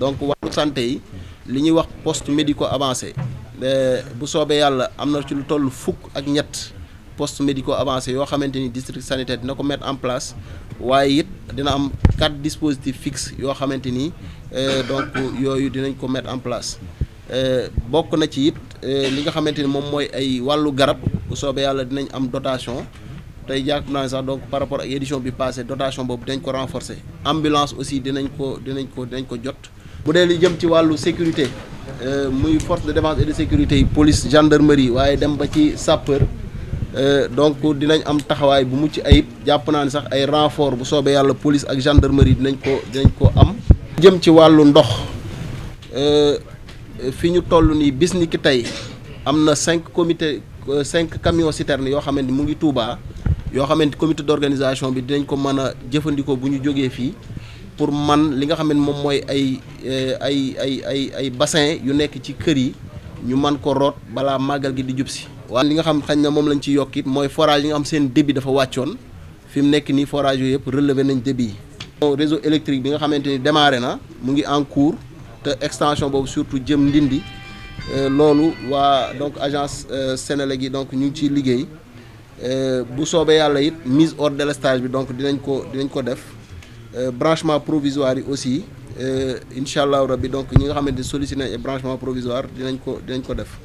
donc wàllu santé yi li ñuy wax poste médico avancé bu soobee yàlla am na ci lu toll fukk ak ñett post médico avancé yoo xamante ni district sanitaire dina ko mettre en place waaye it dina am quatre dispositif fix yoo xamante ni euh, donc yooyu dinañ ko mettre en place euh, bokk na ci it euh, li nga xamante ni moom mooy ay wàllu garab bu soobee yàlla dinañ am dotation tey jàpp naa sax donc par rapport ak édition bi passé dotation boobu dinañ ko renforcer ambulance aussi dinañ ko dinañ ko dinañ ko jot bu dee li jëm ci wàllu sécurité euh, muy force de défense et de sécurité yi police gendarmerie waaye dem ba ci sapeur euh, donc dinañ am taxawaay bu mucc ay jàpp naa ne sax ay renfort bu soobee yàlla police ak gendarmerie dinañ ko dinañ ko am. jëm ci wàllu ndox euh, fi ñu toll nii bis ni ki tey am na cinq comité cinq camions citernes yoo xamante ni mu ngi Touba yoo xamante comité d'organisation bi dinañ ko mën a jëfandikoo bu ñu jógee fii. pour man li nga xam moom mooy ay eh, ay ay ay ay bassin yu nekk ci kër yi ñu man ko root balaa màggal gi di jub si waa li nga xam xañ na moom lañ ci yokkit mooy forage yi nga xam seen débit dafa wàccoon fi mu nekk nii forage yooyu yëpp relever nañ débit yi réseau électrique bi nga xamante ni démarré na mu ngi en cours te extension boobu surtout jëm ndindi eh, loolu waa donc agence eh, Senelec gi donc ñu ngi ciy liggéey bu soobee yàlla it mise hors délestage bi donc dinañ ko dinañ ko def Euh, branchement provisoire yi aussi euh, incha allahu rabbi donc ñi nga xamante ne sollicité nañ ay branchement provisoire dinañ ko dinañ ko def